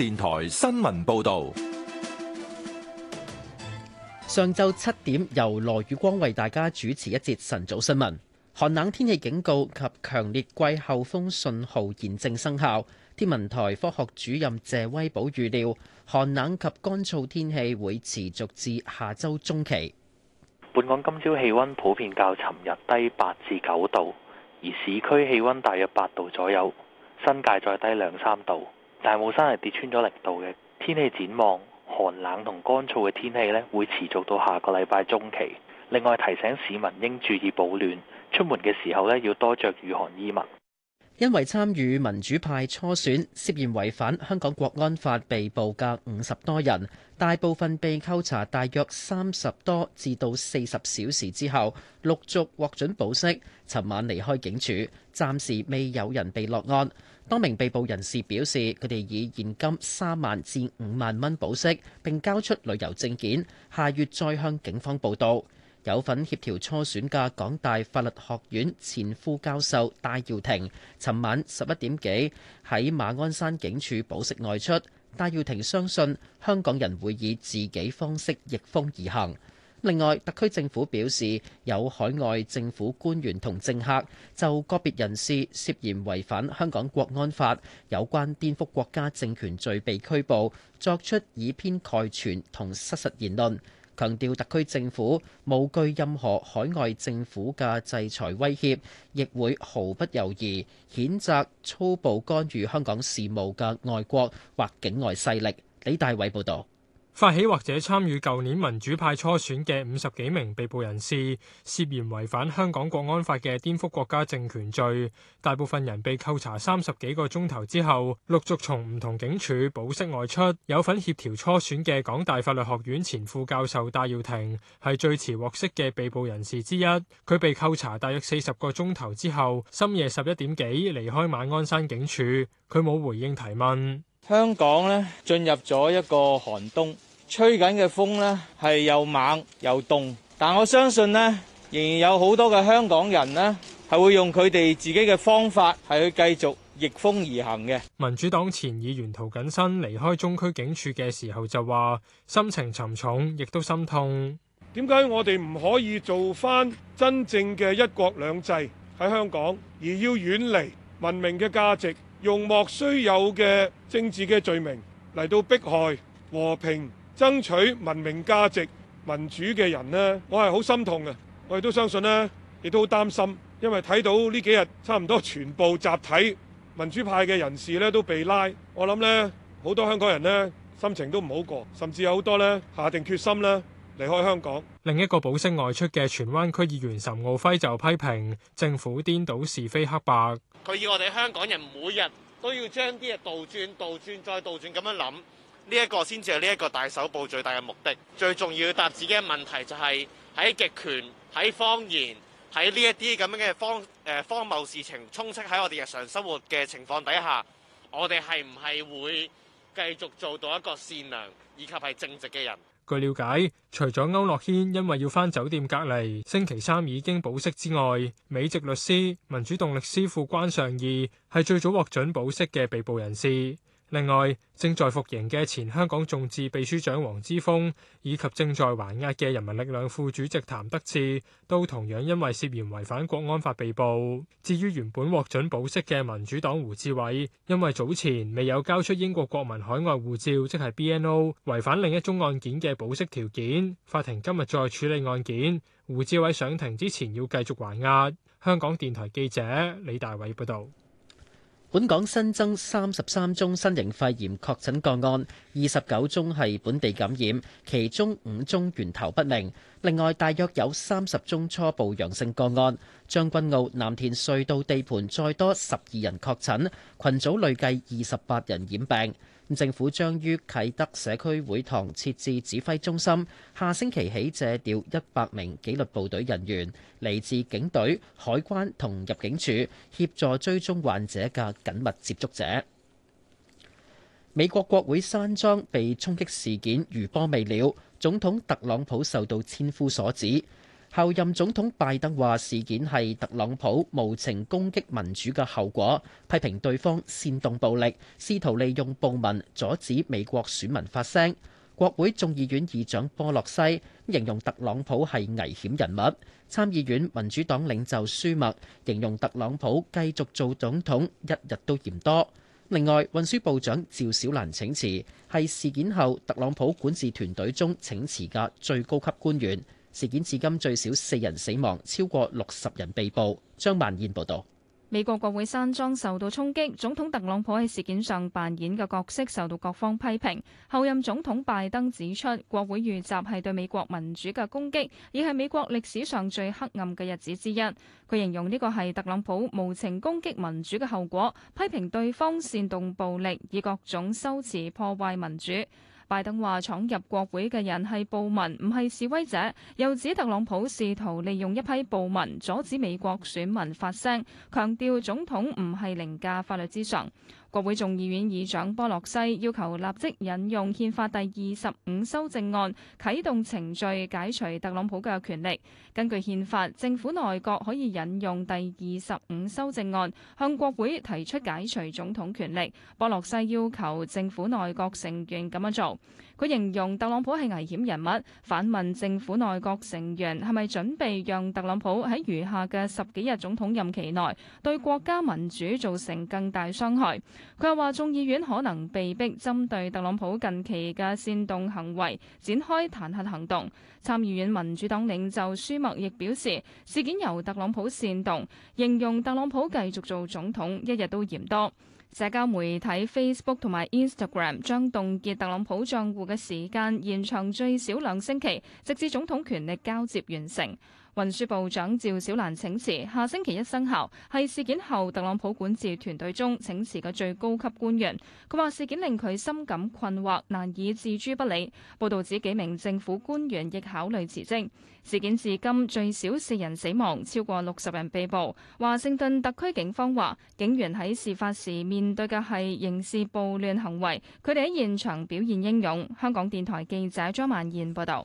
電台新聞報道：上晝七點，由羅宇光為大家主持一節晨早新聞。寒冷天氣警告及強烈季候風信號現正生效。天文台科學主任謝威寶預料，寒冷及乾燥天氣會持續至下周中期。本港今朝氣溫普遍較尋日低八至九度，而市區氣溫大約八度左右，新界再低兩三度。大帽山係跌穿咗零度嘅天氣展望，寒冷同乾燥嘅天氣咧會持續到下個禮拜中期。另外提醒市民應注意保暖，出門嘅時候咧要多着御寒衣物。因為參與民主派初選，涉嫌違反香港國安法被捕嘅五十多人，大部分被扣查大約三十多至到四十小時之後，陸續獲准保釋，尋晚離開警署，暫時未有人被落案。多名被捕人士表示，佢哋以現金三萬至五萬蚊保釋，並交出旅遊證件，下月再向警方報到。有份協調初選嘅港大法律學院前副教授戴耀廷，尋晚十一點幾喺馬鞍山警署保釋外出。戴耀廷相信香港人會以自己方式逆風而行。另外，特區政府表示，有海外政府官員同政客就個別人士涉嫌違反香港國安法有關顛覆國家政權罪被拘捕，作出以偏概全同失實言論。強調特區政府無懼任何海外政府嘅制裁威脅，亦會毫不猶豫譴責粗暴干預香港事務嘅外國或境外勢力。李大偉報導。發起或者參與舊年民主派初選嘅五十幾名被捕人士，涉嫌違反香港國安法嘅顛覆國家政權罪，大部分人被扣查三十幾個鐘頭之後，陸續從唔同警署保釋外出。有份協調初選嘅港大法律學院前副教授戴耀廷係最遲獲釋嘅被捕人士之一。佢被扣查大約四十個鐘頭之後，深夜十一點幾離開馬鞍山警署，佢冇回應提問。香港呢？進入咗一個寒冬。吹緊嘅風呢係又猛又凍，但我相信呢，仍然有好多嘅香港人呢係會用佢哋自己嘅方法係去繼續逆風而行嘅。民主黨前議員涂謹申離開中區警署嘅時候就話：心情沉重，亦都心痛。點解我哋唔可以做返真正嘅一國兩制喺香港，而要遠離文明嘅價值，用莫須有嘅政治嘅罪名嚟到迫害和平？爭取文明價值、民主嘅人呢，我係好心痛嘅。我亦都相信呢，亦都好擔心，因為睇到呢幾日差唔多全部集體民主派嘅人士呢，都被拉，我諗呢，好多香港人呢，心情都唔好過，甚至有好多呢，下定決心呢，離開香港。另一個保釋外出嘅荃灣區議員岑敖暉就批評政府顛倒是非黑白，佢要我哋香港人每日都要將啲嘢倒轉、倒轉再倒轉咁樣諗。呢一個先至係呢一個大搜捕最大嘅目的，最重要答自己嘅問題就係、是、喺極權、喺謊言、喺呢一啲咁樣嘅方誒、呃、荒謬事情充斥喺我哋日常生活嘅情況底下，我哋係唔係會繼續做到一個善良以及係正直嘅人？據了解，除咗區諾軒因為要返酒店隔離，星期三已經保釋之外，美籍律師、民主動力師傅關尚義係最早獲准保釋嘅被捕人士。另外，正在服刑嘅前香港眾志秘書長黃之鋒，以及正在還押嘅人民力量副主席譚德志，都同樣因為涉嫌違反國安法被捕。至於原本獲准保釋嘅民主黨胡志偉，因為早前未有交出英國國民海外護照，即係 BNO，違反另一宗案件嘅保釋條件，法庭今日再處理案件。胡志偉上庭之前要繼續還押。香港電台記者李大偉報道。本港新增三十三宗新型肺炎確診個案，二十九宗係本地感染，其中五宗源頭不明。另外，大約有三十宗初步陽性個案。將軍澳藍田隧道地盤再多十二人確診，羣組累計二十八人染病。咁政府將於啟德社區會堂設置指揮中心，下星期起借調一百名紀律部隊人員嚟自警隊、海關同入境處協助追蹤患者嘅緊密接觸者。美國國會山莊被衝擊事件餘波未了，總統特朗普受到千夫所指。候任總統拜登話事件係特朗普無情攻擊民主嘅後果，批評對方煽動暴力，試圖利用暴民阻止美國選民發聲。國會眾議院議長波洛西形容特朗普係危險人物，參議院民主黨領袖舒默形容特朗普繼續做總統一日都嫌多。另外，運輸部長趙小蘭請辭，係事件後特朗普管治團隊中請辭嘅最高級官員。事件至今最少四人死亡，超過六十人被捕。張萬燕報導。美國國會山莊受到衝擊，總統特朗普喺事件上扮演嘅角色受到各方批評，後任總統拜登指出，國會遇襲係對美國民主嘅攻擊，亦係美國歷史上最黑暗嘅日子之一。佢形容呢個係特朗普無情攻擊民主嘅後果，批評對方煽動暴力，以各種修辭破壞民主。拜登話：闖入國會嘅人係暴民，唔係示威者。又指特朗普試圖利用一批暴民阻止美國選民發聲，強調總統唔係凌駕法律之上。國會眾議院議長波洛西要求立即引用憲法第二十五修正案，啟動程序解除特朗普嘅權力。根據憲法，政府內閣可以引用第二十五修正案，向國會提出解除總統權力。波洛西要求政府內閣成員咁樣做。佢形容特朗普係危險人物，反問政府內閣成員係咪準備讓特朗普喺餘下嘅十幾日總統任期內對國家民主造成更大傷害？佢又話：眾議院可能被逼針對特朗普近期嘅煽動行為展開彈劾行動。參議院民主黨領袖舒默亦表示，事件由特朗普煽動，形容特朗普繼續做總統一日都嫌多。社交媒體 Facebook 同埋 Instagram 將凍結特朗普帳戶嘅時間延長最少兩星期，直至總統權力交接完成。運輸部長趙小蘭請辭，下星期一生效，係事件後特朗普管治團隊中請辭嘅最高級官員。佢話事件令佢深感困惑，難以置諸不理。報道指幾名政府官員亦考慮辭職。事件至今最少四人死亡，超過六十人被捕。華盛頓特區警方話，警員喺事發時面對嘅係刑事暴亂行為，佢哋喺現場表現英勇。香港電台記者張曼燕報道。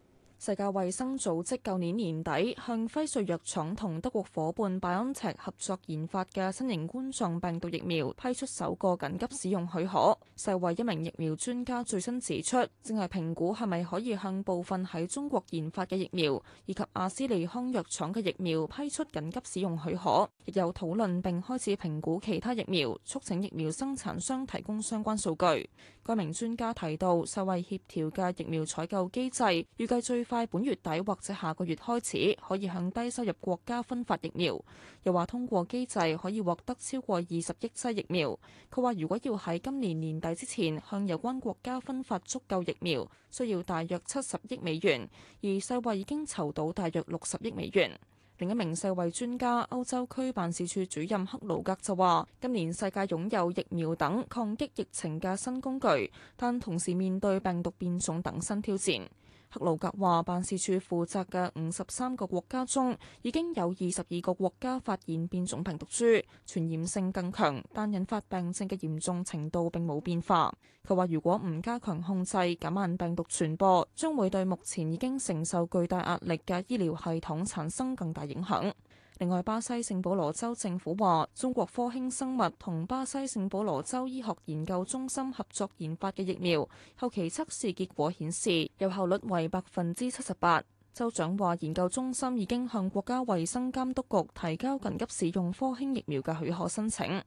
世界衛生組織舊年年底向輝瑞藥廠同德國夥伴拜安赤合作研發嘅新型冠狀病毒疫苗批出首個緊急使用許可。世衞一名疫苗專家最新指出，正係評估係咪可以向部分喺中國研發嘅疫苗以及阿斯利康藥廠嘅疫苗批出緊急使用許可，亦有討論並開始評估其他疫苗，促請疫苗生產商提供相關數據。該名專家提到，世衞協調嘅疫苗採購機制預計最快本月底或者下個月開始可以向低收入國家分發疫苗，又話通過機制，可以獲得超過二十億劑疫苗。佢話如果要喺今年年底之前向有關國家分發足夠疫苗，需要大約七十億美元，而世衛已經籌到大約六十億美元。另一名世衛專家、歐洲區辦事處主任克魯格就話：今年世界擁有疫苗等抗擊疫情嘅新工具，但同時面對病毒變種等新挑戰。克魯格話：辦事處負責嘅五十三個國家中，已經有二十二個國家發現變種病毒株，傳染性更強，但引發病症嘅嚴重程度並冇變化。佢話如果唔加強控制，減慢病毒傳播，將會對目前已經承受巨大壓力嘅醫療系統產生更大影響。另外，巴西聖保羅州政府話，中國科興生物同巴西聖保羅州醫學研究中心合作研發嘅疫苗，後期測試結果顯示有效率為百分之七十八。州長話，研究中心已經向國家衛生監督局提交緊急使用科興疫苗嘅許可申請。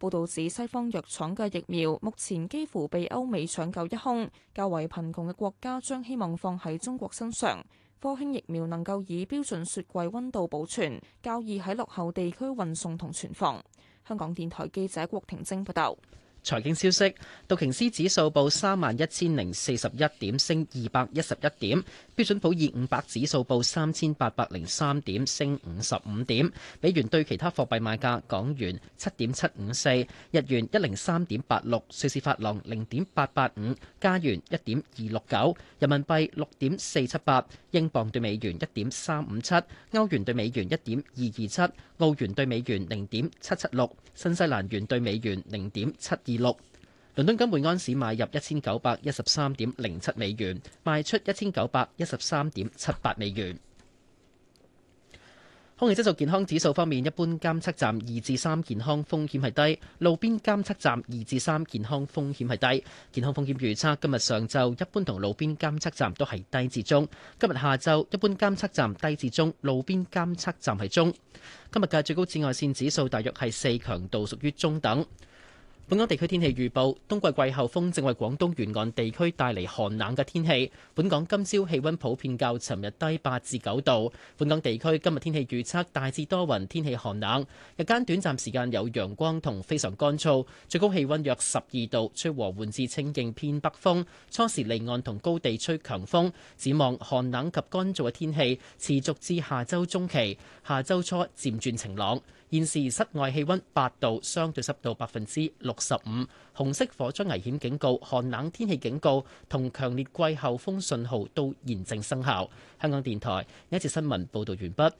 報道指，西方藥廠嘅疫苗目前幾乎被歐美搶購一空，較為貧窮嘅國家將希望放喺中國身上。科興疫苗能夠以標準雪櫃溫度保存，較易喺落後地區運送同存放。香港電台記者郭婷晶報道。財經消息，道瓊斯指數報三萬一千零四十一點，升二百一十一點；標準普爾五百指數報三千八百零三點，升五十五點。美元對其他貨幣賣價：港元七點七五四，日元一零三點八六，瑞士法郎零點八八五，加元一點二六九，人民幣六點四七八，英鎊對美元一點三五七，歐元對美元一點二二七，澳元對美元零點七七六，新西蘭元對美元零點七二。六倫敦金每安士買入一千九百一十三點零七美元，賣出一千九百一十三點七八美元。空氣質素健康指數方面，一般監測站二至三健康風險係低，路邊監測站二至三健康風險係低。健康風險預測今日上晝一般同路邊監測站都係低至中，今日下晝一般監測站低至中，路邊監測站係中。今日嘅最高紫外線指數大約係四，強度屬於中等。本港地區天氣預報，冬季季候風正為廣東沿岸地區帶嚟寒冷嘅天氣。本港今朝氣温普遍較尋日低八至九度。本港地區今日天氣預測大致多雲，天氣寒冷，日間短暫時間有陽光同非常乾燥，最高氣温約十二度，吹和緩至清勁偏北風，初時離岸同高地吹強風。展望寒冷及乾燥嘅天氣持續至下周中期，下周初漸轉晴朗。現時室外氣溫八度，相對濕度百分之六十五。紅色火災危險警告、寒冷天氣警告同強烈季候風信號都現正生效。香港電台呢一次新聞報道完畢。